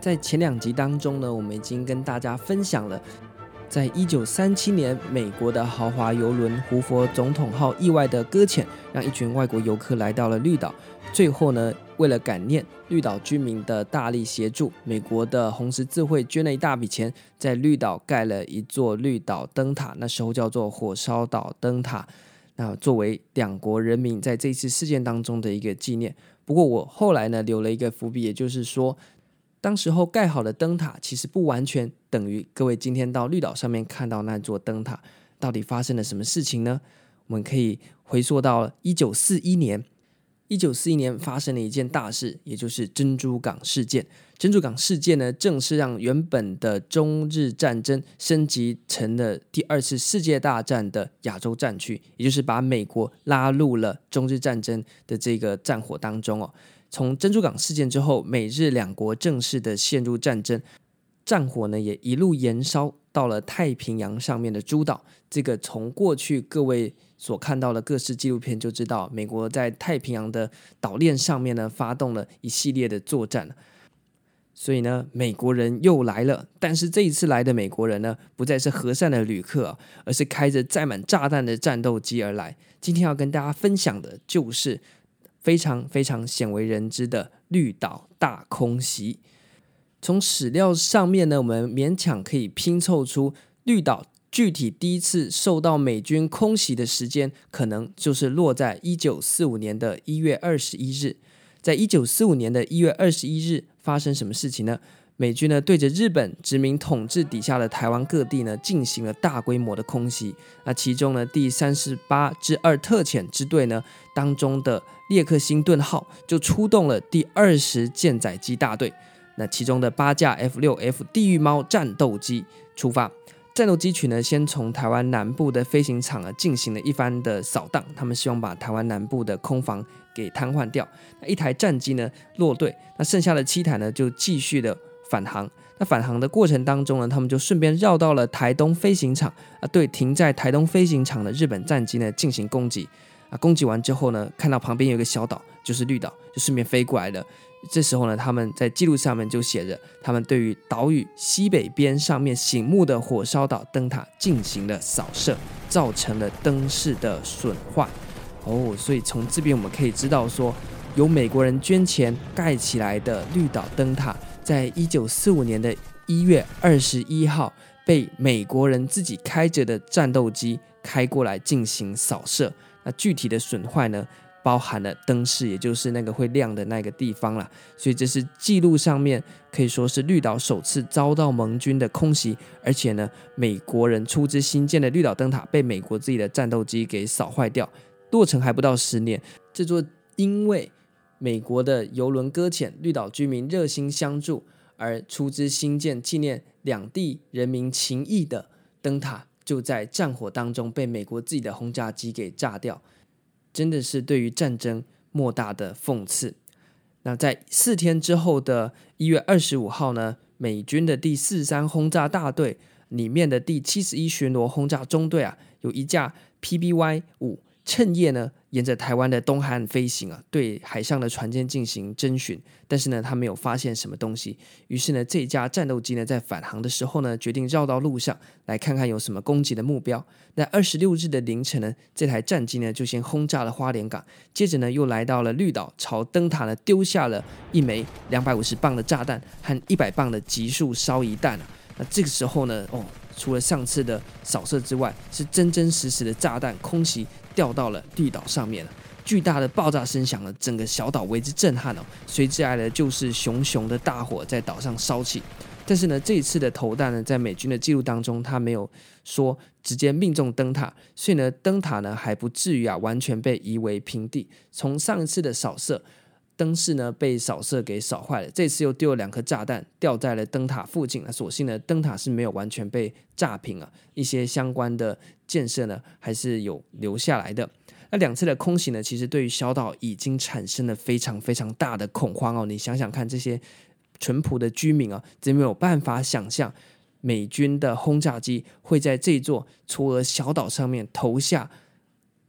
在前兩集當中呢，我們已經跟大家分享了，在一九三七年，美國的豪華遊輪胡佛總統號意外的擱淺，讓一群外國遊客來到了綠島。最後呢，為了感念綠島居民的大力協助，美國的紅十字會捐了一大筆錢，在綠島蓋了一座綠島燈塔，那時候叫做火燒島燈塔。那作為兩國人民在這次事件當中的一個紀念。不過我後來呢，留了一個伏筆，也就是說。當時候蓋好的燈塔，其實不完全等於各位今天到綠島上面看到那座燈塔。到底發生了什麼事情呢？我們可以回溯到一九四一年，一九四一年發生了一件大事，也就是珍珠港事件。珍珠港事件呢，正是讓原本的中日戰爭升級成了第二次世界大戰的亞洲戰區，也就是把美國拉入了中日戰爭的這個戰火當中哦。從珍珠港事件之後，美日兩國正式的陷入戰爭，戰火呢也一路延燒到了太平洋上面的諸島。這個從過去各位所看到的各式紀錄片就知道，美國在太平洋的島鏈上面呢發動了一系列的作戰。所以呢，美國人又來了，但是這一次來的美國人呢，不再是和善的旅客，而是開着載滿炸彈的戰鬥機而來。今天要跟大家分享的就是。非常非常鮮為人知的綠島大空襲。從史料上面呢，我們勉強可以拼湊出綠島具體第一次受到美軍空襲的時間，可能就是落在一九四五年的一月二十一日。在一九四五年的一月二十一日發生什麼事情呢？美軍呢，對着日本殖民統治底下的台灣各地呢，進行了大規模的空襲。那其中呢，第三十八之二特遣支隊呢，當中的列克星頓號就出動了第二十艦載機大隊。那其中的八架 F 六 F 地獄貓戰鬥機出發，戰鬥機群呢，先從台灣南部的飛行場啊，進行了一番的掃蕩。他們希望把台灣南部的空防給癱瘓掉。那一台戰機呢落隊，那剩下的七台呢，就繼續的。返航，那返航的過程當中呢，他們就順便繞到了台東飛行場啊，對停在台東飛行場的日本戰機呢，進行攻擊啊。攻擊完之後呢，看到旁邊有個小島，就是綠島，就順便飛過來了。這時候呢，他們在記錄上面就寫着，他們對於島嶼西北邊上面醒目的火燒島燈塔進行了掃射，造成了燈飾的損壞。哦，所以從這邊我們可以知道說，由美國人捐錢蓋起來的綠島燈塔。在一九四五年的一月二十一號，被美國人自己開着的戰鬥機開過來進行掃射。那具體的損壞呢，包含了燈室，也就是那個會亮的那個地方了。所以這是記錄上面可以說是綠島首次遭到盟軍的空襲，而且呢，美國人出資新建的綠島燈塔被美國自己的戰鬥機給掃壞掉。落成還不到十年，這座因為。美國的郵輪擱淺，綠島居民熱心相助，而出資興建紀念兩地人民情誼的燈塔，就在戰火當中被美國自己的轟炸機給炸掉，真的是對於戰爭莫大的諷刺。那在四天之後的一月二十五號呢，美軍的第四三轟炸大隊裡面的第七十一巡邏轟炸中隊啊，有一架 PBY 五趁夜呢。沿着台灣的東海岸飛行啊，對海上的船艦進行偵尋，但是呢，他沒有發現什麼東西。於是呢，這架戰鬥機呢，在返航的時候呢，決定繞到路上來看看有什麼攻擊的目標。那二十六日的凌晨呢，這台戰機呢，就先轟炸了花蓮港，接着呢，又來到了綠島，朝燈塔呢丟下了一枚兩百五十磅的炸彈和一百磅的極速燒夷彈啊。那這個時候呢，哦，除了上次的掃射之外，是真真實實的炸彈空襲。掉到了地島上面了，巨大的爆炸聲響了，整個小島為之震撼哦。隨之而來的就是熊熊的大火在島上燒起。但是呢，這一次的投彈呢，在美軍的記錄當中，他沒有說直接命中燈塔，所以呢，燈塔呢還不至於啊完全被夷為平地。從上一次的掃射，燈飾呢被掃射給掃壞了，這次又丟了兩顆炸彈，掉在了燈塔附近啊。所幸呢，燈塔是沒有完全被炸平啊，一些相關的建設呢還是有留下來的。那兩次的空襲呢，其實對於小島已經產生了非常非常大的恐慌哦。你想想看，這些淳樸的居民啊、哦，真沒有辦法想象美軍的轟炸機會在這座蕞爾小島上面投下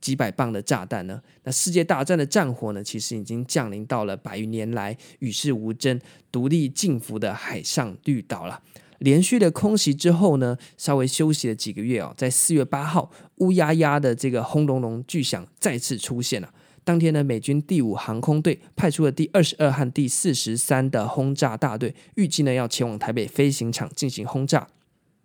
幾百磅的炸彈呢？那世界大戰的戰火呢？其實已經降臨到了百餘年來與世無爭、獨立靜伏的海上綠島了。連續的空襲之後呢，稍微休息了幾個月哦，在四月八號，烏壓壓的這個轟隆隆巨響再次出現了。當天呢，美軍第五航空隊派出了第二十二和第四十三的轟炸大隊，預計呢要前往台北飛行場進行轟炸。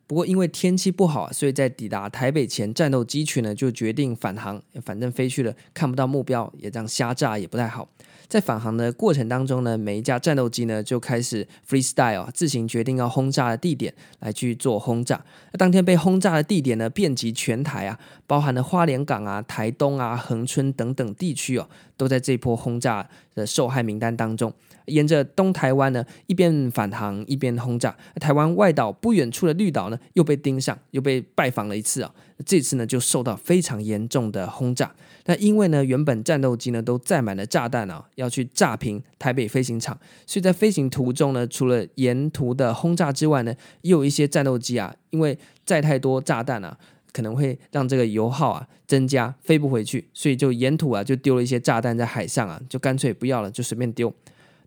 不過，因為天氣不好，所以在抵達台北前，戰鬥機群呢就決定返航，反正飛去了，看不到目標，也這樣瞎炸也不太好。在返航的過程當中呢，每一架戰鬥機呢就開始 freestyle，自行決定要轟炸的地點來去做轟炸。當天被轟炸的地點呢，遍及全台啊，包含了花蓮港啊、台東啊、恆春等等地區哦啊，都在這波轟炸的受害名單當中。沿着東台灣呢，一邊返航一邊轟炸，台灣外島不遠處的綠島呢，又被盯上，又被拜訪了一次啊。這次呢，就受到非常嚴重的轟炸。那因為呢，原本戰鬥機呢都載滿了炸彈啊，要去炸平台北飛行場，所以在飛行途中呢，除了沿途的轟炸之外呢，也有一些戰鬥機啊，因為載太多炸彈啊，可能會讓這個油耗啊增加，飛不回去，所以就沿途啊就丟了一些炸彈在海上啊，就乾脆不要了，就隨便丟。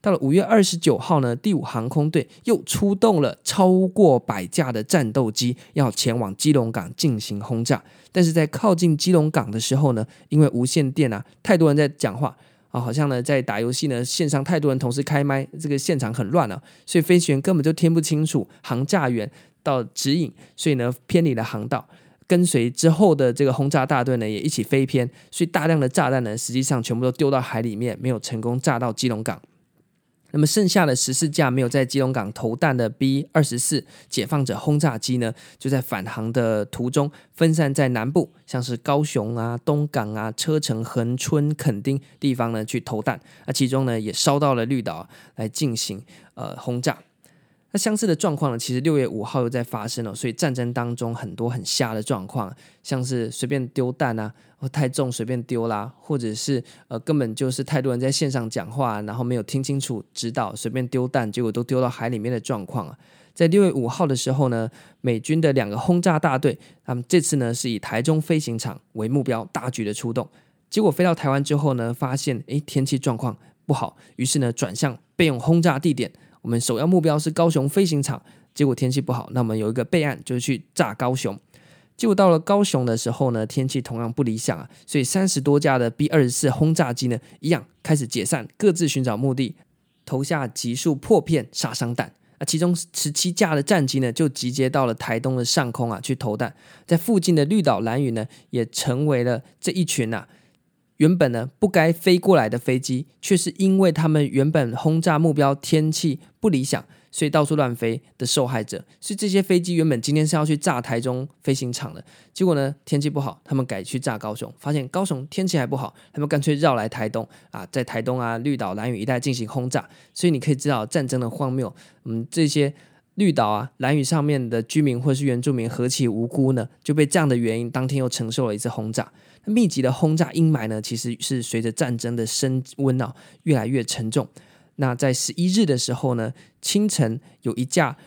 到了五月二十九號呢，第五航空隊又出動了超過百架的戰鬥機，要前往基隆港進行轟炸。但是在靠近基隆港的時候呢，因為無線電啊，太多人在講話啊、哦，好像呢在打遊戲呢，線上太多人同時開麥，這個現場很亂啊，所以飛行員根本就聽不清楚航炸員的指引，所以呢偏離了航道，跟隨之後的這個轟炸大隊呢也一起飛偏，所以大量的炸彈呢實際上全部都丟到海裡面，沒有成功炸到基隆港。那麼剩下的十四架沒有在基隆港投彈的 B 二十四解放者轟炸機呢，就在返航的途中分散在南部，像是高雄啊、東港啊、車城、恆春、墾丁地方呢去投彈。那其中呢也燒到了綠島、啊、來進行呃轟炸。那相似的狀況呢，其實六月五號又在發生了，哦，所以戰爭當中很多很瞎的狀況，像是隨便丟彈啊，或太重隨便丟啦，啊，或者是呃根本就是太多人在線上講話，啊，然後沒有聽清楚指導，隨便丟彈，結果都丟到海裡面的狀況啊。在六月五號的時候呢，美軍的兩個轟炸大隊，他們這次呢是以台中飛行場為目標，大舉的出動，結果飛到台灣之後呢，發現誒天氣狀況不好，於是呢轉向備用轟炸地點。我們首要目標是高雄飛行場，結果天氣不好，那麼有一個備案就是去炸高雄。結果到了高雄的時候呢，天氣同樣不理想啊，所以三十多架的 B 二十四轟炸機呢，一樣開始解散，各自尋找目的，投下極速破片殺傷彈。啊，其中十七架的戰機呢，就集結到了台東的上空啊，去投彈。在附近的綠島蘭嶼呢，也成為了這一群吶、啊。原本呢不該飛過來的飛機，卻是因為他們原本轟炸目標天氣不理想，所以到處亂飛的受害者。所以這些飛機原本今天是要去炸台中飛行場的，結果呢，天氣不好，他們改去炸高雄，發現高雄天氣還不好，他們乾脆繞來台東啊，在台東啊綠島、蘭嶼一帶進行轟炸。所以你可以知道戰爭的荒謬。嗯，這些。綠島啊，蘭嶼上面的居民或是原住民，何其無辜呢？就被這樣的原因，當天又承受了一次轟炸。密集的轟炸陰霾呢，其實是隨着戰爭的升溫啊，越來越沉重。那在十一日的時候呢，清晨有一架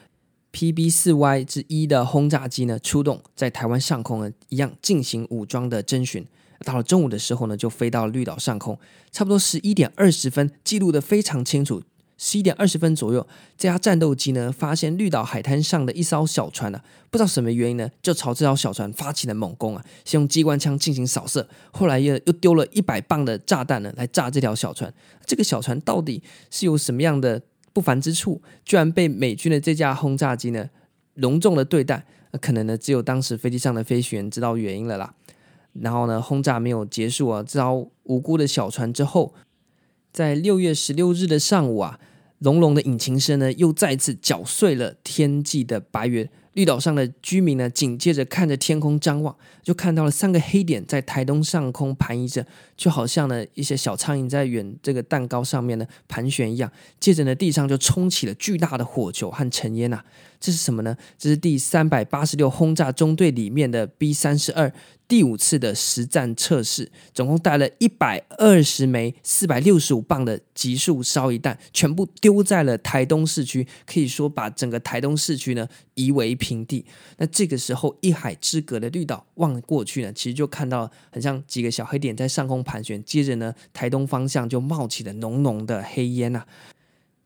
PB4Y 之一的轟炸機呢出動，在台灣上空呢一樣進行武裝的偵巡。到了中午的時候呢，就飛到綠島上空，差不多十一點二十分，記錄得非常清楚。十一點二十分左右，這架戰鬥機呢，發現綠島海灘上的一艘小船啊，不知道什麼原因呢，就朝這條小船發起了猛攻啊，先用機關槍進行掃射，後來又又丟了一百磅的炸彈呢，來炸這條小船。這個小船到底是有什麼樣的不凡之處，居然被美軍的這架轟炸機呢隆重的對待？那可能呢，只有當時飛機上的飛行員知道原因了啦。然後呢，轟炸沒有結束啊，這艘無辜的小船之後，在六月十六日的上午啊。隆隆的引擎聲呢，又再次攪碎了天際的白雲。綠島上的居民呢，緊接着看着天空張望，就看到了三個黑點在台東上空盤旋着，就好像呢一些小蒼蠅在遠這個蛋糕上面呢盤旋一樣。接着呢，地上就衝起了巨大的火球和塵煙吶、啊。這是什麼呢？這是第三百八十六轟炸中隊裡面的 B 三十二第五次的實戰測試，總共帶了一百二十枚四百六十五磅的極速燒一彈，全部丟在了台東市區，可以說把整個台東市區呢夷為平地。那這個時候，一海之隔的綠島望過去呢，其實就看到很像幾個小黑點在上空盤旋，接着呢，台東方向就冒起了濃濃的黑煙吶、啊。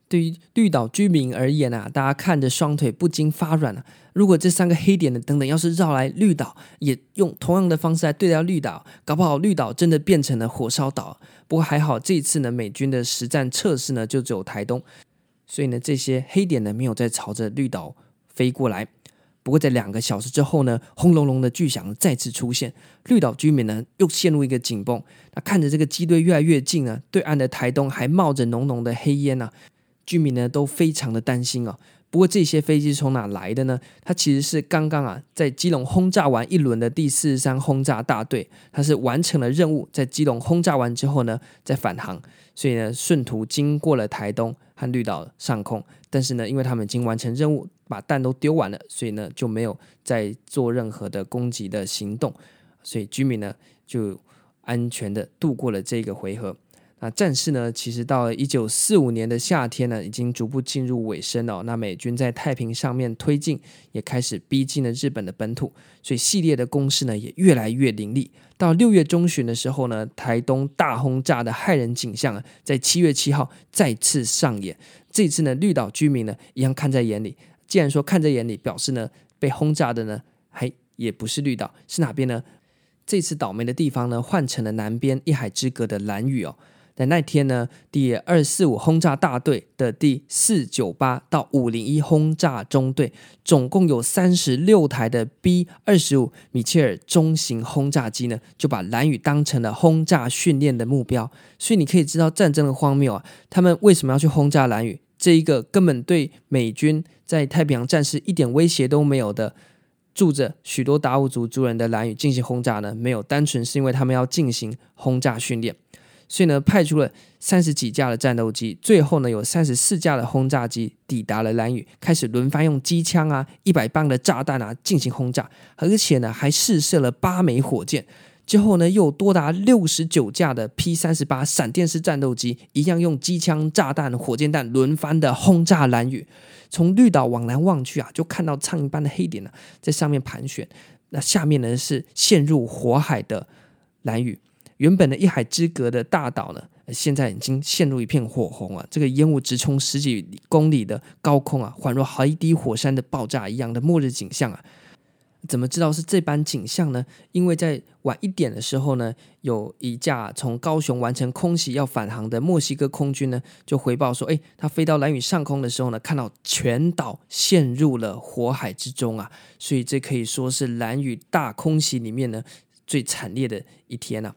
對於綠島居民而言、啊、大家看着雙腿不禁發軟了、啊。如果這三個黑點呢，等等要是繞來綠島，也用同樣的方式來對待綠島，搞不好綠島真的變成了火燒島。不過還好，這一次呢，美軍的實戰測試呢就只有台東，所以呢，這些黑點呢沒有再朝着綠島飛過來。不過在兩個小時之後呢，轟隆隆的巨響再次出現，綠島居民呢又陷入一個緊繃。那看着這個機隊越來越近呢，對岸的台東還冒着濃濃的黑煙、啊居民呢都非常的擔心啊、哦。不過這些飛機是從哪來的呢？它其實是剛剛啊在基隆轟炸完一輪的第四十三轟炸大隊，它是完成了任務，在基隆轟炸完之後呢，再返航，所以呢順途經過了台東和綠島上空。但是呢，因為他們已經完成任務，把彈都丟完了，所以呢就沒有再做任何的攻擊的行動，所以居民呢就安全的度過了這個回合。那戰事呢？其實到了一九四五年的夏天呢，已經逐步進入尾聲了哦。那美軍在太平上面推進，也開始逼近了日本的本土，所以系列的攻勢呢也越來越凌厲。到六月中旬的時候呢，台東大轟炸的駭人景象啊，在七月七號再次上演。這次呢，綠島居民呢一樣看在眼裡。既然說看在眼裡，表示呢被轟炸的呢嘿也不是綠島，是哪邊呢？這次倒霉的地方呢換成了南邊一海之隔的蘭嶼哦。在那天呢，第二四五轟炸大隊的第四九八到五零一轟炸中隊，總共有三十六台的 B 二十五米切爾中型轟炸機呢，就把蘭嶼當成了轟炸訓練的目標。所以你可以知道戰爭的荒謬啊！他們為什麼要去轟炸蘭嶼？這一個根本對美軍在太平洋戰事一點威脅都沒有的，住着許多達悟族族人的蘭嶼進行轟炸呢？沒有，單純是因為他們要進行轟炸訓練。所以呢，派出了三十幾架的戰鬥機，最後呢，有三十四架的轟炸機抵達了蘭嶼，開始輪番用機槍啊、一百磅的炸彈啊進行轟炸，而且呢，還試射了八枚火箭。之後呢，又有多達六十九架的 P 三十八閃電式戰鬥機，一樣用機槍、炸彈、火箭彈輪番的轟炸蘭嶼。從綠島往南望去啊，就看到蒼蠅般的黑點呢、啊，在上面盤旋。那下面呢，是陷入火海的蘭嶼。原本的一海之隔的大島呢，現在已經陷入一片火紅啊！這個煙霧直衝十幾公里的高空啊，恍若海底火山的爆炸一樣的末日景象啊！怎麼知道是這般景象呢？因為在晚一點的時候呢，有一架從高雄完成空襲要返航的墨西哥空軍呢，就回報說：“哎，他飛到蘭嶼上空的時候呢，看到全島陷入了火海之中啊！”所以這可以說是蘭嶼大空襲裡面呢，最慘烈的一天啊。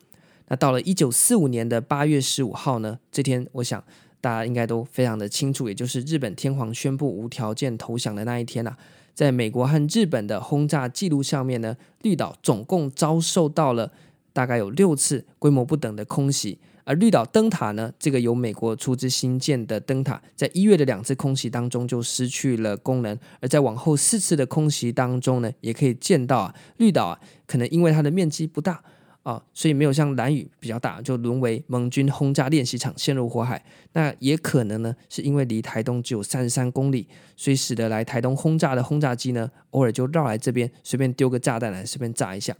那到了一九四五年的八月十五號呢，這天，我想大家應該都非常的清楚，也就是日本天皇宣布無條件投降的那一天啊。在美國和日本的轟炸記錄上面呢，綠島總共遭受到了大概有六次規模不等的空襲，而綠島燈塔呢，這個由美國出資興建的燈塔，在一月的兩次空襲當中就失去了功能，而在往後四次的空襲當中呢，也可以見到啊，綠島啊，可能因為它的面積不大。啊、哦，所以沒有像蘭嶼比較大，就淪為盟軍轟炸練習場，陷入火海。那也可能呢，是因為離台東只有三十三公里，所以使得來台東轟炸的轟炸機呢，偶爾就繞來這邊，隨便丟個炸彈來，隨便炸一下。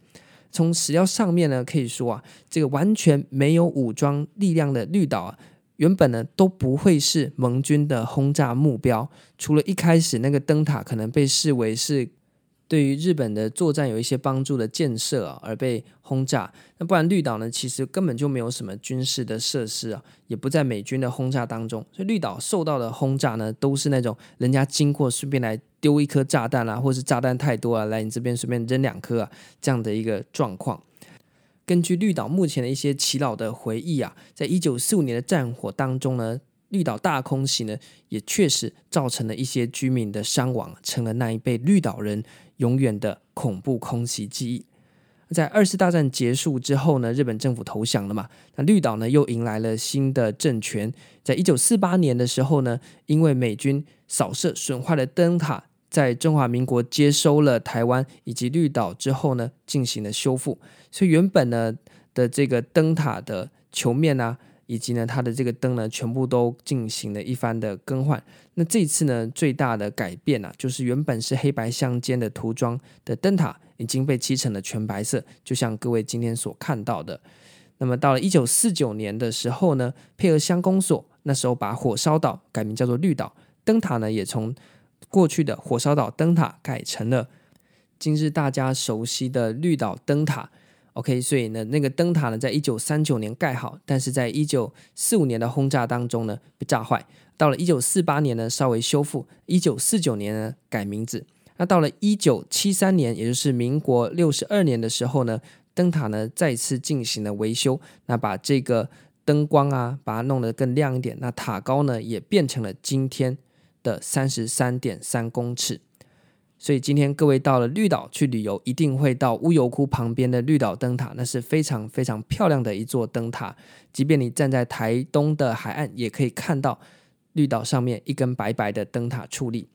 從史料上面呢，可以說啊，這個完全沒有武裝力量的綠島啊，原本呢都不會是盟軍的轟炸目標，除了一開始那個燈塔可能被視為是。對於日本的作戰有一些幫助的建設啊，而被轟炸。那不然綠島呢，其實根本就沒有什麼軍事的設施啊，也不在美軍的轟炸當中。所以綠島受到的轟炸呢，都是那種人家經過順便來丟一顆炸彈啊，或者是炸彈太多啊，來你這邊隨便扔兩顆啊，這樣的一個狀況。根據綠島目前的一些祈老的回憶啊，在一九四五年的戰火當中呢，綠島大空襲呢，也確實造成了一些居民的傷亡，成了那一輩綠島人永遠的恐怖空襲記憶，在二次大戰結束之後呢，日本政府投降了嘛，那綠島呢又迎來了新的政權。在一九四八年的時候呢，因為美軍掃射損壞了燈塔，在中華民國接收了台灣以及綠島之後呢，進行了修復。所以原本呢的這個燈塔的球面啊，以及呢它的這個燈呢，全部都進行了一番的更換。那這次呢，最大的改變呢，啊，就是原本是黑白相間的塗裝的燈塔已經被漆成了全白色，就像各位今天所看到的。那麼到了一九四九年的時候呢，配合鄉公所，那時候把火燒島改名叫做綠島，燈塔呢也從過去的火燒島燈塔改成了今日大家熟悉的綠島燈塔。OK，所以呢，那個燈塔呢，在一九三九年蓋好，但是在一九四五年的轟炸當中呢，被炸壞。到了一九四八年呢，稍微修復；一九四九年呢，改名字。那到了一九七三年，也就是民國六十二年的時候呢，燈塔呢再次進行了維修，那把這個燈光啊，把它弄得更亮一點。那塔高呢也變成了今天的三十三點三公尺。所以今天各位到了綠島去旅遊，一定會到烏油窟旁邊的綠島燈塔，那是非常非常漂亮的一座燈塔。即便你站在台東的海岸，也可以看到。綠島上面一根白白的燈塔矗立，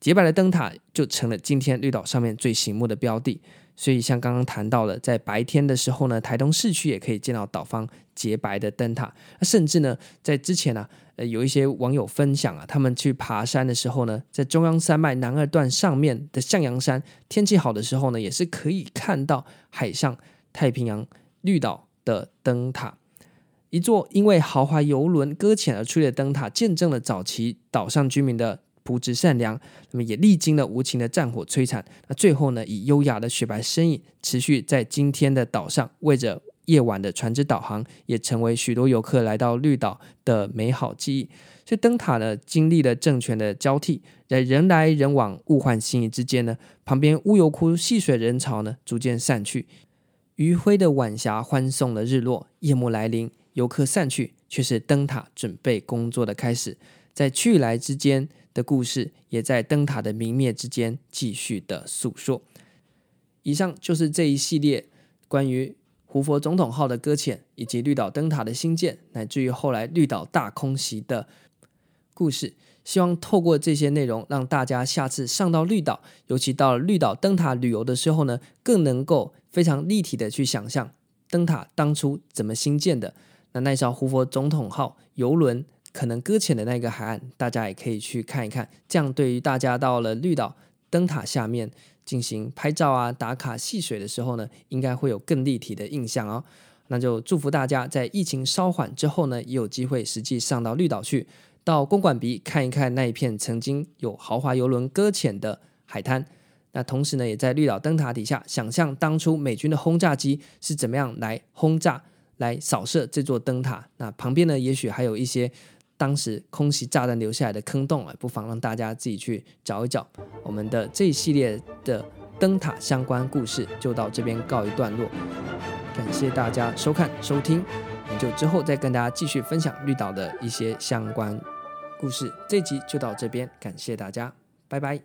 潔白的燈塔就成了今天綠島上面最醒目的標的。所以像剛剛談到了，在白天的時候呢，台東市區也可以見到島方潔白的燈塔。那、啊、甚至呢，在之前呢、啊，呃，有一些網友分享啊，他們去爬山的時候呢，在中央山脈南二段上面的向陽山，天氣好的時候呢，也是可以看到海上太平洋綠島的燈塔。一座因為豪華遊輪擱淺而出的燈塔，見證了早期島上居民的樸質善良，那麼也歷經了無情的戰火摧殘。那最後呢，以優雅的雪白身影，持續在今天的島上為着夜晚的船隻導航，也成為許多遊客來到綠島的美好記憶。所以燈塔呢，經歷了政權的交替，在人來人往、物換星移之間呢，旁邊烏油窟戲水人潮呢，逐漸散去，餘暉的晚霞歡送了日落，夜幕來臨。遊客散去，卻是燈塔準備工作的開始。在去來之間的故事，也在燈塔的明滅之間繼續的訴說。以上就是這一系列關於胡佛總統號的擱淺，以及綠島燈塔的興建，乃至於後來綠島大空襲的故事。希望透過這些內容，讓大家下次上到綠島，尤其到了綠島燈塔旅遊的時候呢，更能夠非常立體的去想象燈塔當初怎麼興建的。那那艘，胡佛總統號遊輪可能擱淺的那個海岸，大家也可以去看一看。這樣，對於大家到了綠島燈塔下面進行拍照啊、打卡、戲水的時候呢，應該會有更立體的印象哦。那就祝福大家，在疫情稍緩之後呢，也有機會實際上到綠島去，到公館鼻看一看那一片曾經有豪華遊輪擱淺的海灘。那同時呢，也在綠島燈塔底下，想象當初美軍的轟炸機是怎麼樣來轟炸，來掃射這座燈塔，那旁邊呢，也許還有一些當時空襲炸彈留下來的坑洞啊，不妨讓大家自己去找一找。我們的這一系列的燈塔相關故事就到這邊告一段落，感謝大家收看收聽，那就之後再跟大家繼續分享綠島的一些相關故事。這一集就到這邊，感謝大家，拜拜。